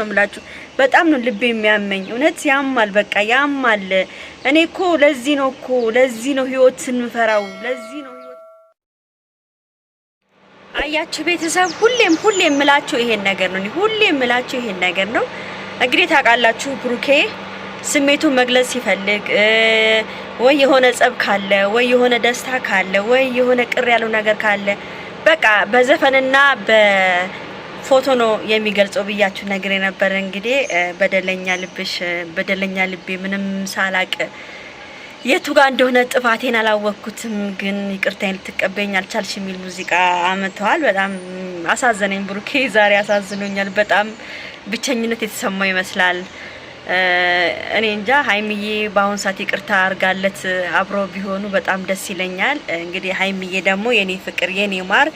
ነው የምላችሁ። በጣም ነው ልቤ የሚያመኝ። እውነት ያማል፣ በቃ ያማል። እኔ እኮ ለዚህ ነው እኮ ለዚህ ነው ህይወት ስንፈራው፣ ለዚህ ነው ህይወት። አያችሁ ቤተሰብ፣ ሁሌም ሁሌም የምላችሁ ይሄን ነገር ነው። ሁሌም የምላችሁ ይሄን ነገር ነው። እንግዲህ ታውቃላችሁ ብሩኬ ስሜቱን መግለጽ ሲፈልግ ወይ የሆነ ጸብ ካለ ወይ የሆነ ደስታ ካለ ወይ የሆነ ቅር ያለው ነገር ካለ በቃ በዘፈንና ፎቶ ነው የሚገልጸው ብያችሁ ነገር የነበረ እንግዲህ በደለኛ ልብሽ በደለኛ ልቤ ምንም ሳላቅ የቱ ጋር እንደሆነ ጥፋቴን አላወቅኩትም፣ ግን ይቅርታዬን ልትቀበይኝ አልቻልሽ የሚል ሙዚቃ አመተዋል። በጣም አሳዘነኝ ብሩኬ ዛሬ አሳዝኖኛል። በጣም ብቸኝነት የተሰማው ይመስላል። እኔ እንጃ ሀይምዬ በአሁን ሰዓት ይቅርታ አርጋለት አብሮ ቢሆኑ በጣም ደስ ይለኛል። እንግዲህ ሀይምዬ ደግሞ የኔ ፍቅር፣ የኔ ማር፣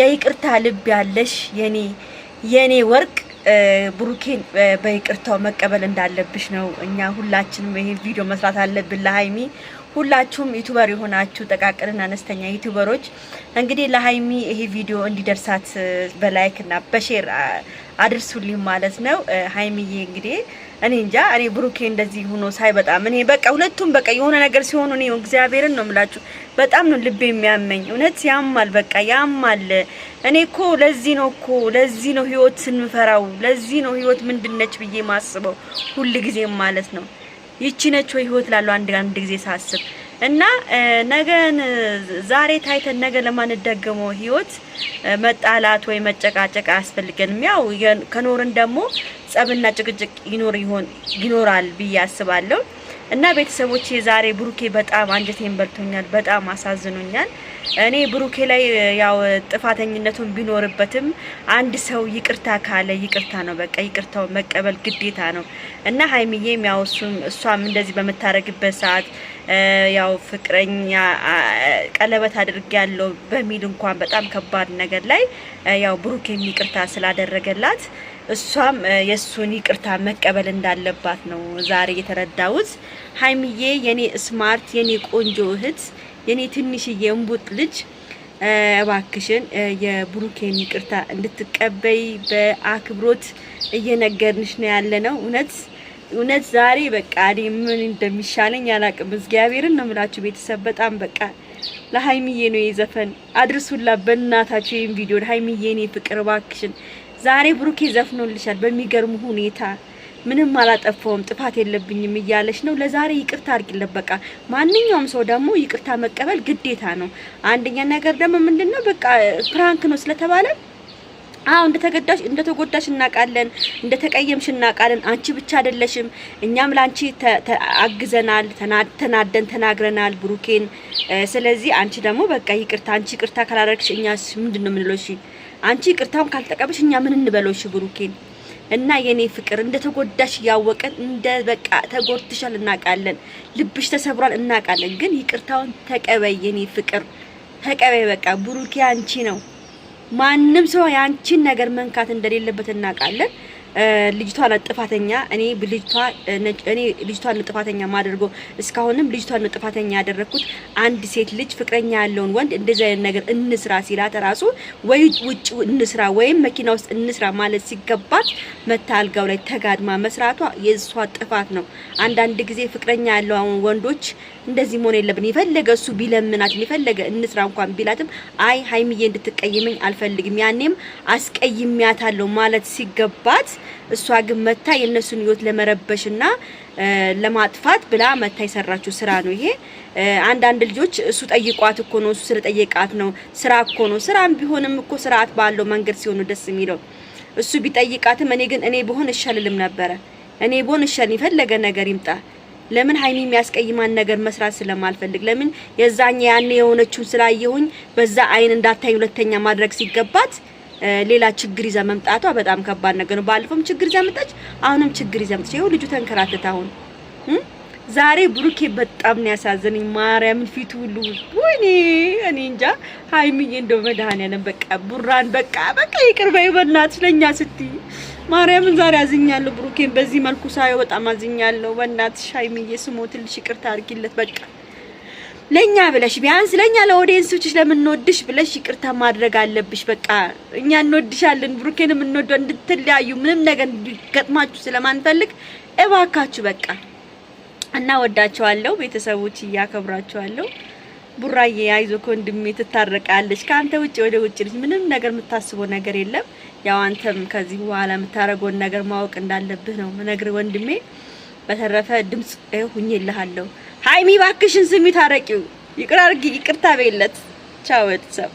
የይቅርታ ልብ ያለሽ የኔ የኔ ወርቅ ብሩኬን በይቅርታው መቀበል እንዳለብሽ ነው። እኛ ሁላችንም ይሄ ቪዲዮ መስራት አለብን ለሀይሚ ሁላችሁም ዩቱበር የሆናችሁ ጠቃቅንና አነስተኛ ዩቱበሮች እንግዲህ ለሀይሚ ይሄ ቪዲዮ እንዲደርሳት በላይክ እና በሼር አድርሱልኝ ማለት ነው። ሀይሚዬ እንግዲህ እኔ እንጃ እኔ ብሩኬ እንደዚህ ሆኖ ሳይ በጣም እኔ በቃ ሁለቱም በቃ የሆነ ነገር ሲሆኑ እኔ እግዚአብሔርን ነው የምላችሁ፣ በጣም ነው ልቤ የሚያመኝ። እውነት ያማል፣ በቃ ያማል። እኔ እኮ ለዚህ ነው እኮ ለዚህ ነው ህይወት ስንፈራው፣ ለዚህ ነው ህይወት ምንድነች ብዬ ማስበው ሁል ጊዜም ማለት ነው። ይቺ ነች ወይ ህይወት ላለው አንድ አንድ ጊዜ ሳስብ እና ነገን ዛሬ ታይተን ነገ ለማንደገመው ህይወት መጣላት ወይ መጨቃጨቅ አያስፈልገንም። ያው ከኖርን ደግሞ ጸብና ጭቅጭቅ ይኖር ይሆን ይኖራል ብዬ አስባለሁ። እና ቤተሰቦች ዛሬ ብሩኬ በጣም አንጀቴን በልቶኛል፣ በጣም አሳዝኖኛል። እኔ ብሩኬ ላይ ያው ጥፋተኝነቱን ቢኖርበትም አንድ ሰው ይቅርታ ካለ ይቅርታ ነው፣ በቃ ይቅርታው መቀበል ግዴታ ነው እና ሀይሚዬም ያው እሷም እንደዚህ በምታረግበት ሰዓት ያው ፍቅረኛ ቀለበት አድርግ ያለው በሚል እንኳን በጣም ከባድ ነገር ላይ ያው ብሩኬም ይቅርታ ስላደረገላት እሷም የእሱን ይቅርታ መቀበል እንዳለባት ነው ዛሬ የተረዳሁት። ሀይሚዬ የኔ ስማርት፣ የኔ ቆንጆ እህት፣ የኔ ትንሽዬ እምቡጥ ልጅ እባክሽን የብሩኬን ይቅርታ እንድትቀበይ በአክብሮት እየነገርንሽ ነው ያለ ነው። እውነት እውነት ዛሬ በቃ እኔ ምን እንደሚሻለኝ አላቅም። እግዚአብሔርን ነው የምላችሁ ቤተሰብ በጣም በቃ ለሀይሚዬ ነው የዘፈን አድርሱላ በእናታችሁ። ይህን ቪዲዮ ለሀይሚዬ እኔ ፍቅር እባክሽን ዛሬ ብሩኬ ዘፍኖልሻል በሚገርም ሁኔታ። ምንም አላጠፋውም ጥፋት የለብኝም እያለች ነው። ለዛሬ ይቅርታ አድርጊለት። በቃ ማንኛውም ሰው ደግሞ ይቅርታ መቀበል ግዴታ ነው። አንደኛ ነገር ደግሞ ምንድነው በቃ ፕራንክ ነው ስለተባለ አዎ እንደተገዳሽ እንደተጎዳሽ እናውቃለን፣ እንደተቀየምሽ እናውቃለን። አንቺ ብቻ አይደለሽም፣ እኛም ላንቺ አግዘናል፣ ተናደን ተናግረናል ብሩኬን። ስለዚህ አንቺ ደግሞ በቃ ይቅርታ አንቺ ይቅርታ ካላደረግሽ እኛስ ምንድነው የምንለው? አንቺ ቅርታውን ካልተቀበልሽ እኛ ምን እንበለው? ብሩኬን እና የኔ ፍቅር እንደ ተጎዳሽ እያወቀን እንደ በቃ ተጎድተሻል እናውቃለን፣ ልብሽ ተሰብሯል እናውቃለን። ግን ይቅርታውን ተቀበይ የኔ ፍቅር ተቀበይ። በቃ ብሩኬ አንቺ ነው። ማንም ሰው የአንቺን ነገር መንካት እንደሌለበት እናውቃለን። ልጅቷ ናት ጥፋተኛ። እኔ ልጅቷ እኔ ልጅቷን ጥፋተኛ ማደርጎ እስካሁንም ልጅቷን ጥፋተኛ ያደረኩት። አንድ ሴት ልጅ ፍቅረኛ ያለውን ወንድ እንደዚህ አይነት ነገር እንስራ ሲላት ራሱ ወይ ውጭ እንስራ ወይም መኪና ውስጥ እንስራ ማለት ሲገባት መታ አልጋው ላይ ተጋድማ መስራቷ የእሷ ጥፋት ነው። አንዳንድ ጊዜ ፍቅረኛ ያለውን ወንዶች እንደዚህ መሆን የለብን። የፈለገ እሱ ቢለምናት የፈለገ እንስራ እንኳን ቢላትም አይ ሀይሚዬ እንድትቀይመኝ አልፈልግም ያኔም አስቀይሚያታለሁ ማለት ሲገባት እሷ ግን መታ የእነሱን ህይወት ለመረበሽና ለማጥፋት ብላ መታ የሰራችው ስራ ነው ይሄ። አንዳንድ ልጆች እሱ ጠይቋት እኮ ነው እሱ ስለጠየቃት ነው ስራ እኮ ነው። ስራም ቢሆንም እኮ ስርዓት ባለው መንገድ ሲሆኑ ደስ የሚለው እሱ ቢጠይቃትም፣ እኔ ግን እኔ ብሆን እሸልልም ነበረ። እኔ ብሆን እሸል የፈለገ ነገር ይምጣ ለምን ሀይሚ የሚያስቀይማን ነገር መስራት ስለማልፈልግ፣ ለምን የዛኛ ያኔ የሆነችውን ስላየሁኝ በዛ አይን እንዳታይ ሁለተኛ ማድረግ ሲገባት ሌላ ችግር ይዛ መምጣቷ በጣም ከባድ ነገር ነው። ባለፈውም ችግር ይዛ መጣች፣ አሁንም ችግር ይዛ መጣች። ይኸው ልጁ ተንከራተተ። አሁን ዛሬ ብሩኬ በጣም ነው ያሳዘነኝ። ማርያምን ፊቱ ሁሉ ወይኔ፣ እኔ እንጃ ሀይሚዬ፣ እንደው መድኃኒዓለም በቃ ቡራን በቃ በቃ ይቅር በይው በእናትሽ ለእኛ ስትይ ማርያምን ዛሬ አዝኛለሁ። ብሩኬን በዚህ መልኩ ሳየው በጣም አዝኛለሁ። በእናትሽ ሀይሚዬ ስሞትልሽ ይቅርታ አድርጊለት በቃ ለኛ ብለሽ ቢያንስ ለኛ ለኦዲየንሶችሽ ለምንወድሽ ብለሽ ይቅርታ ማድረግ አለብሽ። በቃ እኛ እንወድሻለን፣ ብሩኬን የምንወደው እንድትለያዩ ምንም ነገር እንዲገጥማችሁ ስለማንፈልግ እባካችሁ በቃ እና ወዳቸዋለሁ። ቤተሰቦች እያከብራቸዋለሁ። ቡራዬ አይዞ ከወንድሜ ትታረቃለች። ከአንተ ውጭ ወደ ውጭ ልጅ ምንም ነገር የምታስበው ነገር የለም። ያው አንተም ከዚህ በኋላ የምታደርገውን ነገር ማወቅ እንዳለብህ ነው ምነግር ወንድሜ በተረፈ ድምጽ ሁኝልሃለሁ። ሀይሚ ባክሽን ስሚ ታረቂው። ይቅር አርጊ፣ ይቅርታ በይለት። ቻው ቤተሰብ።